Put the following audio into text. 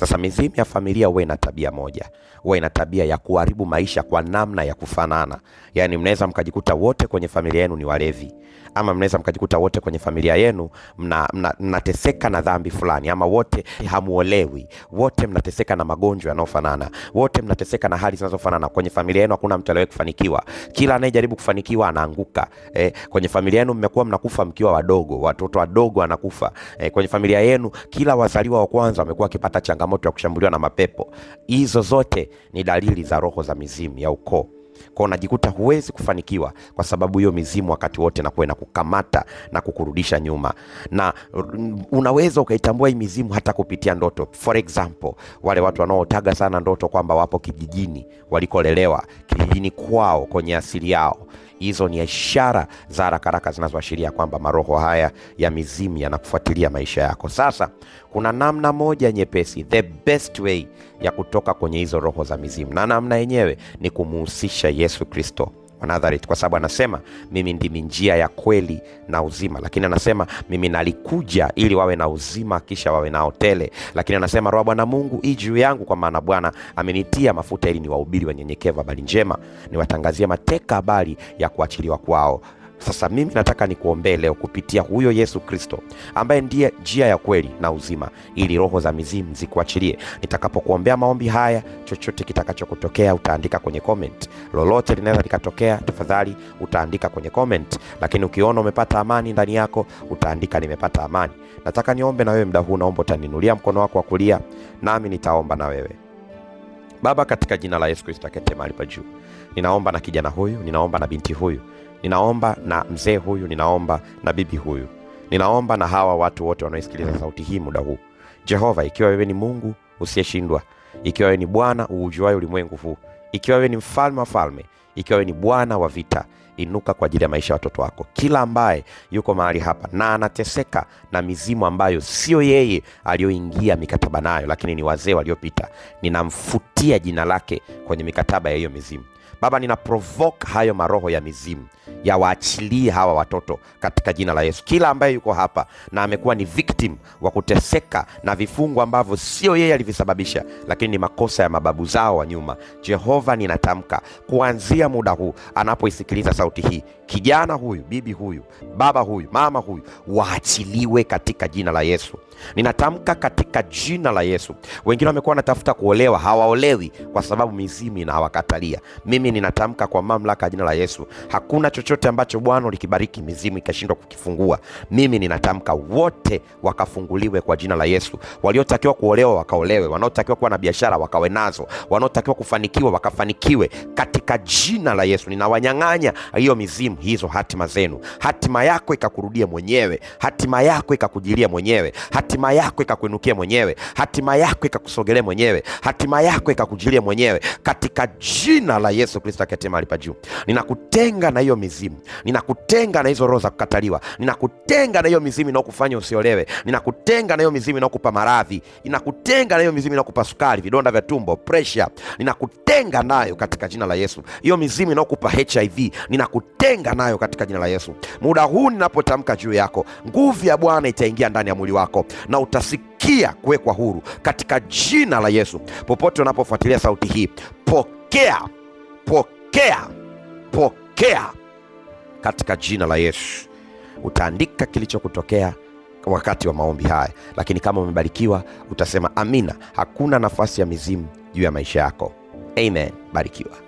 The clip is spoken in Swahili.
Sasa mizimu ya familia huwa ina tabia moja, huwa ina tabia ya kuharibu maisha kwa namna ya kufanana. Yaani mnaweza mkajikuta wote kwenye familia yenu ni walevi, ama mnaweza mkajikuta wote kwenye familia yenu mnateseka mna, mna na dhambi fulani, ama wote hamuolewi, wote mnateseka na magonjwa yanayofanana, wote mnateseka na hali zinazofanana. Kwenye familia yenu hakuna mtu aliyewahi kufanikiwa, kila anayejaribu kufanikiwa anaanguka. Eh, kwenye familia yenu mmekuwa mnakufa mkiwa wadogo, watoto wadogo anakufa. Eh, kwenye familia yenu kila wazaliwa wa kwanza wamekuwa wakipata changamoto changamoto ya kushambuliwa na mapepo. Hizo zote ni dalili za roho za mizimu ya ukoo. Kwa unajikuta huwezi kufanikiwa kwa sababu hiyo mizimu wakati wote nakuwa kukamata na kukurudisha nyuma, na unaweza ukaitambua hii mizimu hata kupitia ndoto. For example, wale watu wanaotaga sana ndoto kwamba wapo kijijini walikolelewa, kijijini kwao, kwenye asili yao Hizo ni ishara za haraka haraka zinazoashiria kwamba maroho haya ya mizimu yanakufuatilia maisha yako. Sasa kuna namna moja nyepesi, the best way ya kutoka kwenye hizo roho za mizimu, na namna yenyewe ni kumuhusisha Yesu Kristo Nazareti, kwa sababu anasema mimi ndimi njia ya kweli na uzima, lakini anasema mimi nalikuja ili wawe na uzima kisha wawe nao tele. Lakini anasema roho Bwana Mungu i juu yangu, kwa maana Bwana amenitia mafuta ili niwahubiri wanyenyekevu habari njema, niwatangazie mateka habari ya kuachiliwa kwao sasa mimi nataka nikuombee leo kupitia huyo Yesu Kristo ambaye ndiye njia ya kweli na uzima, ili roho za mizimu zikuachilie. Nitakapokuombea maombi haya, chochote kitakachokutokea utaandika kwenye comment. Lolote linaweza likatokea, tafadhali utaandika kwenye comment. Lakini ukiona umepata amani ndani yako, utaandika nimepata amani. Nataka niombe na wewe muda huu, naomba utaninulia mkono wako wa kulia, nami nitaomba na wewe. Baba, katika jina la Yesu Kristo akete mahali pa juu, ninaomba na kijana huyu, ninaomba na binti huyu, ninaomba na mzee huyu, ninaomba na bibi huyu, ninaomba na hawa watu wote wanaoisikiliza sauti hii muda huu. Jehova, ikiwa wewe ni Mungu usiyeshindwa, ikiwa wewe ni Bwana uujuaye ulimwengu huu, ikiwa wewe ni mfalme wa falme, ikiwa wewe ni Bwana wa vita inuka kwa ajili ya maisha ya watoto wako. Kila ambaye yuko mahali hapa na anateseka na mizimu ambayo sio yeye aliyoingia mikataba nayo, lakini ni wazee waliopita, ninamfutia jina lake kwenye mikataba ya hiyo mizimu. Baba, nina provoke hayo maroho ya mizimu ya hawa watoto katika jina la Yesu. Kila ambaye yuko hapa na amekuwa ni victim wa kuteseka na vifungo ambavyo sio yeye alivisababisha, lakini ni makosa ya mababu zao wa nyuma, Jehova, ninatamka kuanzia muda huu anapoisikiliza sauti hii, kijana huyu, bibi huyu, baba huyu, mama huyu, waachiliwe katika jina la Yesu. Ninatamka katika jina la Yesu. Wengine wamekuwa wanatafuta kuolewa, hawaolewi kwa sababu mizimu inawakatalia. Mimi mimi ninatamka kwa mamlaka ya jina la Yesu, hakuna chochote ambacho Bwana ulikibariki mizimu ikashindwa kukifungua. Mimi ninatamka wote wakafunguliwe kwa jina la Yesu. Waliotakiwa kuolewa wakaolewe, wanaotakiwa kuwa na biashara wakawe nazo, wanaotakiwa kufanikiwa wakafanikiwe katika jina la Yesu. Ninawanyang'anya hiyo mizimu, hizo hatima zenu. Hatima yako ikakurudia mwenyewe, hatima yako ikakujilia mwenyewe, hatima yako ikakuinukia mwenyewe, hatima yako ikakusogelea mwenyewe, hatima yako ikakujilia mwenyewe katika jina la Yesu. Yesu Kristo akiyatema alipa juu. Ninakutenga na hiyo mizimu, ninakutenga na hizo roho za kukataliwa, ninakutenga na hiyo mizimu inayokufanya usiolewe, ninakutenga na hiyo mizimu inayokupa maradhi, ninakutenga na hiyo mizimu inayokupa sukari, vidonda vya tumbo, presha, ninakutenga nayo katika jina la Yesu. Hiyo mizimu inayokupa HIV ninakutenga nayo katika jina la Yesu. Muda huu ninapotamka juu yako, nguvu ya Bwana itaingia ndani ya mwili wako na utasikia kuwekwa huru katika jina la Yesu. Popote unapofuatilia sauti hii, pokea pokea, pokea katika jina la Yesu. Utaandika kilichokutokea wakati wa maombi haya, lakini kama umebarikiwa utasema amina. Hakuna nafasi ya mizimu juu ya maisha yako. Amen. Barikiwa.